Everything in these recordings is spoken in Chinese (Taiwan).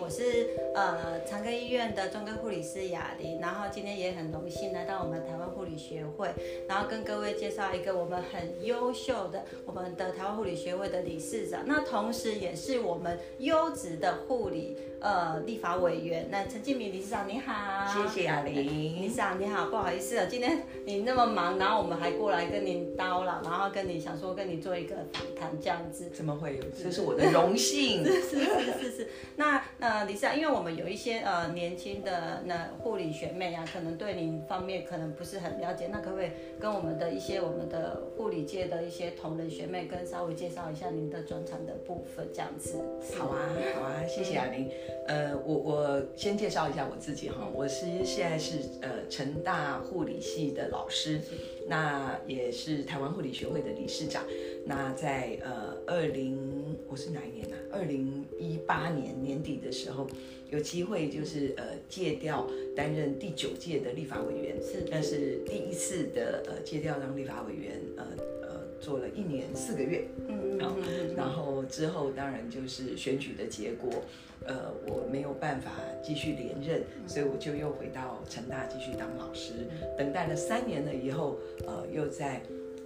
我是呃長庚醫院的專科護理師雅玲，然後今天也很榮幸來到我們台灣護理學會，然後跟各位介紹一個我們很優秀的我們的台灣護理學會的理事長，那同時也是我們優質的護理。呃，立法委員，那陳靜敏理事長您好，謝謝雅玲，理事長你好，不好意思啊，今天你那麼忙，然後我們還過來跟您叨了，然後跟你想說跟你做一個訪談這樣子，怎麼會有，是這是我的榮幸， 是，是是是是，那呃，理事長，因為我們有一些呃年輕的那護理學妹啊，可能對您方面可能不是很了解，那可不可以跟我們的一些我們的護理界的一些同仁學妹跟稍微介紹一下您的專長的部分這樣子？好啊，好啊，謝謝雅玲。呃，我我先介紹一下我自己哈，我是現在是呃成大護理系的老師，的那也是台灣護理學會的理事長。那在呃二零我是哪一年呢、啊？二零一八年年底的時候，有機會就是呃借調擔任第九屆的立法委員，是的，但是第一次的呃借調當立法委員，呃。呃做了一年四個月，嗯，然後，然後之後當然就是選舉的結果，呃，我沒有辦法繼續連任，所以我就又回到成大繼續當老師。等待了三年了以後，呃，又在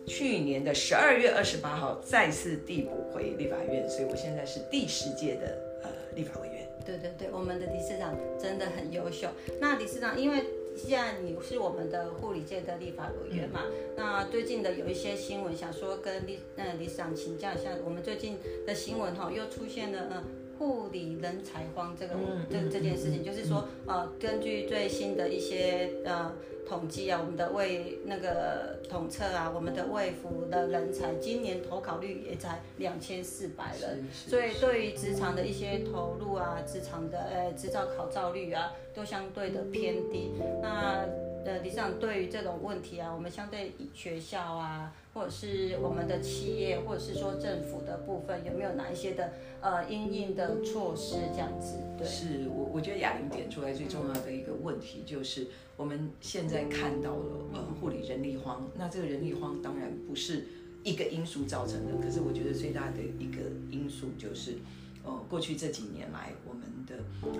去年的十二月二十八號再次遞補回立法院，所以我現在是第十屆的呃立法委員。對對對，我們的理事長真的很優秀。那理事長因為，像你是我們的護理界的立法委員嘛？嗯、那最近的有一些新聞，想說跟李那理事長請教一下，我們最近的新聞哈，又出現了嗯。嗯護理人才荒這個、嗯、這這件事情，就是說，啊、嗯嗯呃、根據最新的一些呃統計啊，我們的衛那個統測啊，我們的衛服的人才今年投考率也才兩千四百人，所以對於職場的一些投入啊，職場的呃執照考照率啊，都相對的偏低。嗯、那呃，理事長對於這種問題啊，我們相對於學校啊，或者是我們的企業，或者是說政府的部分，有沒有哪一些的呃因應的措施這樣子？對，是我我覺得亞玲點出來最重要的一個問題就是、嗯、我們現在看到了呃、嗯、護理人力荒，那這個人力荒當然不是一個因素造成的，可是我覺得最大的一個因素就是。呃、哦，過去這幾年來，我們的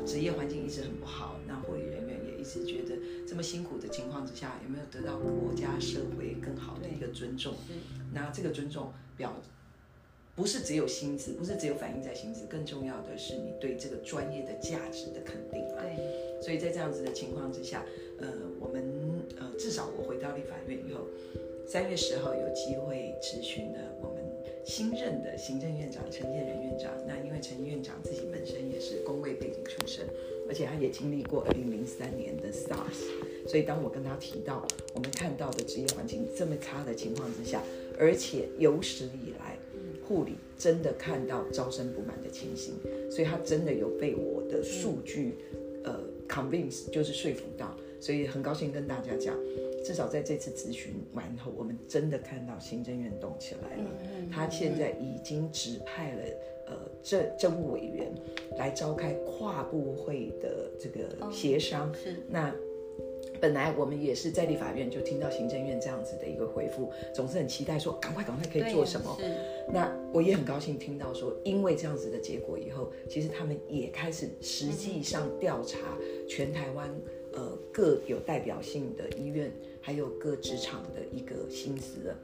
職業環境一直很不好，那護理人員也一直覺得這麼辛苦的情況之下，有沒有得到國家社會更好的一個尊重？那這個尊重表不是只有薪資，不是只有反映在薪資，更重要的是你對這個專業的價值的肯定對，所以在這樣子的情況之下，呃，我們、呃、至少我回到立法院以後，三月十號有機會質詢的。新任的行政院長陳建仁院長，那因為陳院長自己本身也是公衛背景出身，而且他也經歷過二零零三年的 SARS，所以當我跟他提到我們看到的職業環境這麼差的情況之下，而且有史以來護理真的看到招生不滿的情形，所以他真的有被我的數據、嗯、呃 convince，就是說服到，所以很高興跟大家講。至少在這次諮詢完後，我們真的看到行政院動起來了。嗯嗯嗯嗯嗯，他現在已經指派了呃政政務委員來召開跨部會的這個協商。哦、是，那本來我們也是在立法院就聽到行政院這樣子的一個回復，總是很期待說趕快趕快可以做什麼。那我也很高興聽到說，因為這樣子的結果以後，其實他們也開始實際上調查全台灣。呃，各有代表性的醫院，還有各職場的一個薪資的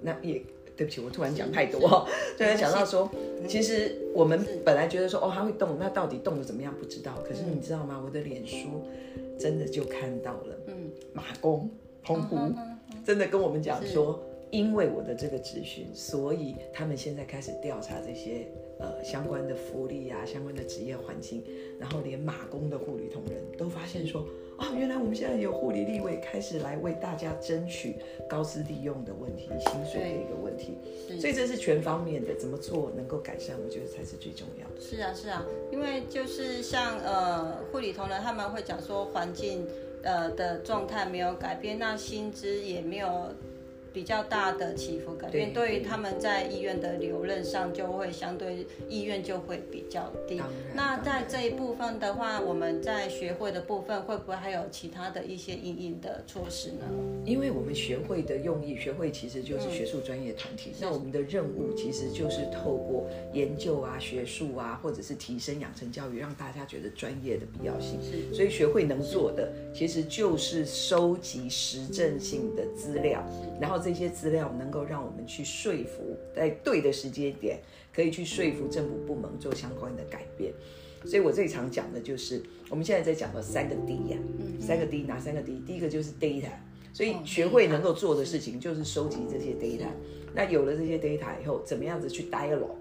那也對不起，我突然講太多，突然講到說，其實我們本來覺得說哦，他會動，那到底動的怎麼樣不知道，是，可是你知道嗎？我的臉書真的就看到了，嗯，馬公澎湖真的跟我們講說，是因為我的這個質詢，所以他們現在開始調查這些、呃、相關的福利啊，嗯、相關。職業環境，然後連馬工的護理同仁都發現說，哦、啊，原來我們現在有護理立委開始來為大家爭取高資低用的問題、薪水的一個問題，對所以這是全方面的，怎麼做能夠改善，我覺得才是最重要的。是啊，是啊，因為就是像呃護理同仁他們會講說環、環境呃的狀態沒有改變，那薪資也沒有。比較大的起伏感，所以對於他們在醫院的留任上，就會相對意願就會比較低。那在這一部分的話，我們在學會的部分，會不會還有其他的一些因應的措施呢？因為我們學會的用意，學會其實就是學術專業團體，嗯、那我們的任務其實就是透過研究啊、學術啊，或者是提升養成教育，讓大家覺得專業的必要性。是的，所以學會能做的，的其實就是收集實證性的資料，嗯、然後。這些資料能夠讓我們去說服，在對的時間點可以去說服政府部門做相關的改變。所以我這一場講的就是，我們現在在講到三個 D 呀，三個 D 哪三個 D？第一個就是 data，所以學會能夠做的事情就是收集這些 data。那有了這些 data 以後，怎麼樣子去 dialogue，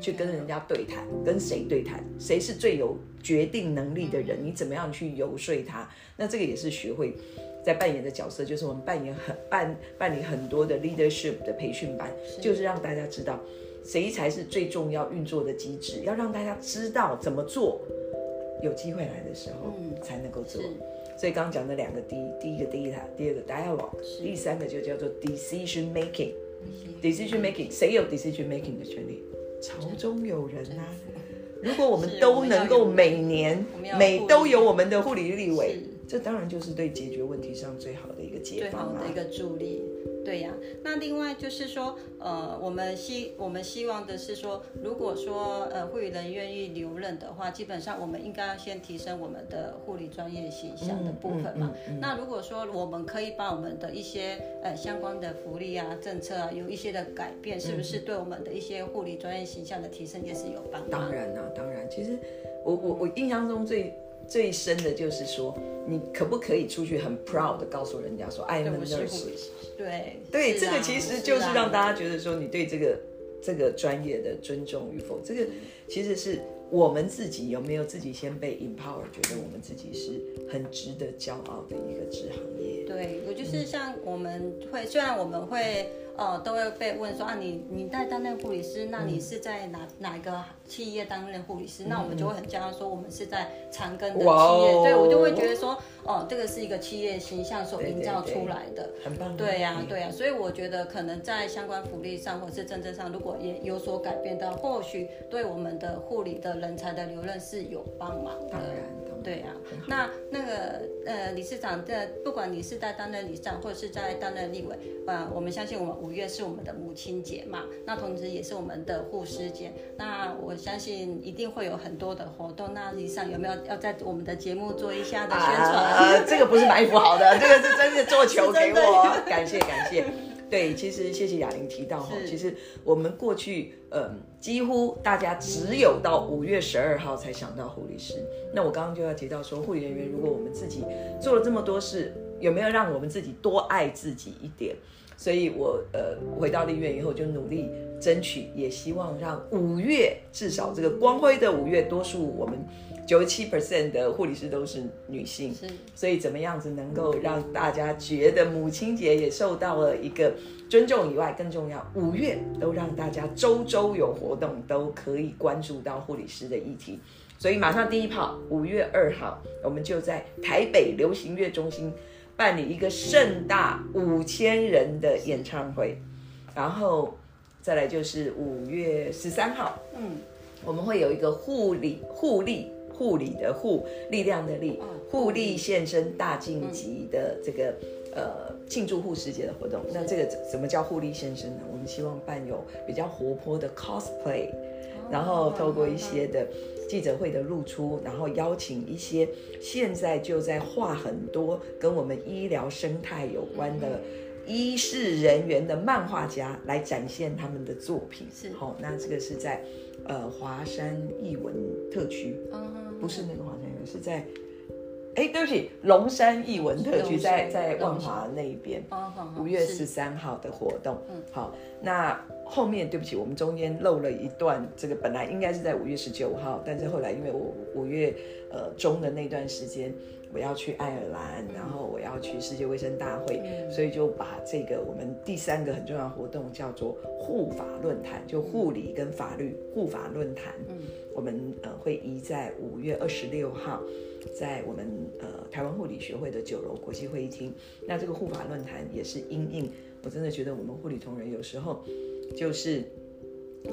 去跟人家對談？跟誰對談？誰是最有決定能力的人？你怎麼樣去遊說他？那這個也是學會。在扮演的角色就是我們扮演很辦辦理很多的 leadership 的培訓班，就是讓大家知道誰才是最重要運作的機制，要讓大家知道怎麼做。有機會來的時候，才能夠做。所以剛剛講的兩個，第一，第一個 data，第二個 dialogue，u e 第三個就叫做 decision making。decision making 誰有 decision making 的權利？朝中有人吶。如果我們都能夠每年每都有我們的護理立委。這當然就是對解決問題上最好的一個解法，最好的一個助力，對呀、啊。那另外就是說，呃，我們希我們希望的是說，如果說呃會有人願意留任的話，基本上我們應該要先提升我們的護理專業形象的部分嘛。嗯嗯嗯嗯、那如果說我們可以把我們的一些呃相關的福利啊、政策啊有一些的改變，是不是對我們的一些護理專業形象的提升也是有幫助、嗯哦？當然啦、啊，當然。其實我我我印象中最。最深的就是說，你可不可以出去很 proud 地告訴人家說對，I'm a nurse。對對，對啊、這個其實就是讓大家覺得說，你對這個這個專業的尊重與否，這個其實是我們自己有沒有自己先被 empower，覺得我們自己是很值得驕傲的一個職行業。對，我就是像我們會，雖然我們會。呃，都會被問說啊，你你在擔任護理師，那你是在哪、嗯、哪一個企業擔任護理師？嗯、那我們就會很驕傲說，我們是在長庚的企業，哦、所以我就會覺得說，哦、呃，這個是一個企業形象所營造出來的，對對對，很棒。哎對啊，對呀，對呀，所以我覺得可能在相關福利上或者是政策上，如果也有所改變的，或許對我們的護理的人才的留任是有幫忙的。對啊，好那那個呃，理事長的，不管你是在擔任理事長，或者是在擔任立委，呃，我們相信我們五月是我們的母親節嘛，那同時也是我們的護士節，那我相信一定會有很多的活動。那理事長有沒有要在我們的節目做一下的宣傳？啊呃、這個不是埋伏好的， 這個是真的做球給我，感謝感謝。感謝對，其實謝謝雅玲提到哈，是其實我們過去嗯、呃，幾乎大家只有到五月十二號才想到護理師。那我剛剛就要提到說，護理人員，如果我們自己做了這麼多事。有沒有讓我們自己多愛自己一點？所以我，我呃回到立院以後就努力爭取，也希望讓五月至少這個光輝的五月，多數我們九十七 percent 的護理師都是女性。是所以怎麼樣子能夠讓大家覺得母親節也受到了一個尊重以外，更重要，五月都讓大家週週有活動，都可以關注到護理師的議題。所以馬上第一炮，五月二號，我們就在台北流行樂中心辦理一個盛大五千人的演唱會，然後再來就是五月十三號，嗯，我們會有一個護理、護力、護理的護力量的力、護力獻身大晉級的這個呃慶祝護師節的活動。那這個怎麼叫護力獻身呢？我們希望辦有比較活潑的 cosplay，然後透過一些的。記者會的露出，然後邀請一些現在就在畫很多跟我們醫療生態有關的醫事人員的漫畫家來展現他們的作品。是，好，哦，那這個是在呃華山藝文特區，不是那個華山藝文，是在。哎，對不起，龍山藝文特區在在萬華那邊，五月十三號的活動。嗯是，好，那後面對不起，我們中間漏了一段，這個本來應該是在五月十九號，但是後來因為我五月呃中的那段時間。我要去愛爾蘭，然後我要去世界衛生大會，所以就把這個我們第三個很重要的活動叫做護法論壇，就護理跟法律護法論壇。我們呃會移在五月二十六號，在我們呃台灣護理學會的九樓國際會議廳。那這個護法論壇也是因應，我真的覺得我們護理同仁有時候就是。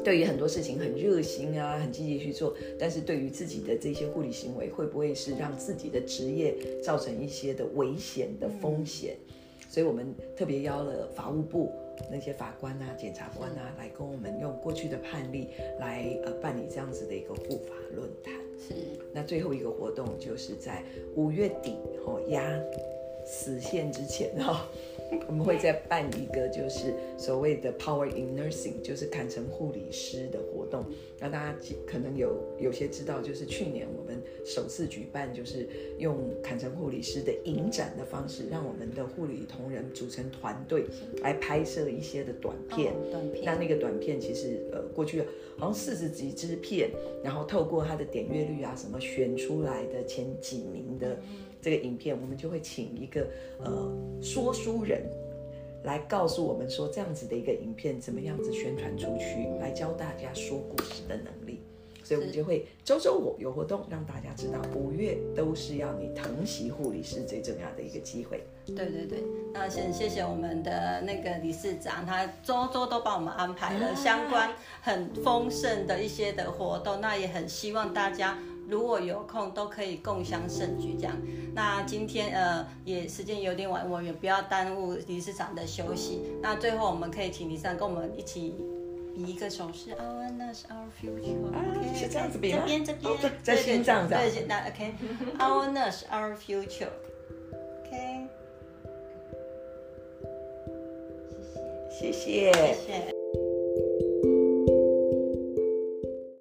對於很多事情很熱心啊，很積極去做，但是對於自己的這些護理行為，會不會是讓自己的職業造成一些的危險的風險？嗯、所以我們特別邀了法務部那些法官啊、檢察官啊是來跟我們用過去的判例來呃辦理這樣子的一個護法論壇。是，那最後一個活動就是在五月底吼壓。哦呀死線之前哈，然後我們會再辦一個就是所謂的 Power in Nursing，就是砍成護理師的活動。那大家可能有有些知道，就是去年我們首次舉辦，就是用砍成護理師的影展的方式，讓我們的護理同仁組成團隊來拍攝一些的短片。嗯、短片。那那個短片其實呃，過去好像四十幾支片，然後透過它的點閱率啊、嗯、什麼選出來的前幾名的。這個影片，我們就會請一個呃說書人來告訴我們說，這樣子的一個影片怎麼樣子宣傳出去，來教大家說故事的能力。是所以我們就會週週五有活動，讓大家知道五月都是要你疼惜護理師最重要的一個機會。對對對，那先謝謝我們的那個理事長，他週週都幫我們安排了相關很豐盛的一些的活動，那也很希望大家，如果有空都可以共襄盛舉，這樣。那今天呃也時間有點晚，我也不要耽誤理事長的休息。那最後我們可以請理事長跟我們一起比一個手勢。Our nurse, our future. OK，啊，是這樣子比嗎？這邊這邊，哦。對對對，這樣子。那 OK。Our nurse, our future. OK， okay 謝謝。謝謝。謝謝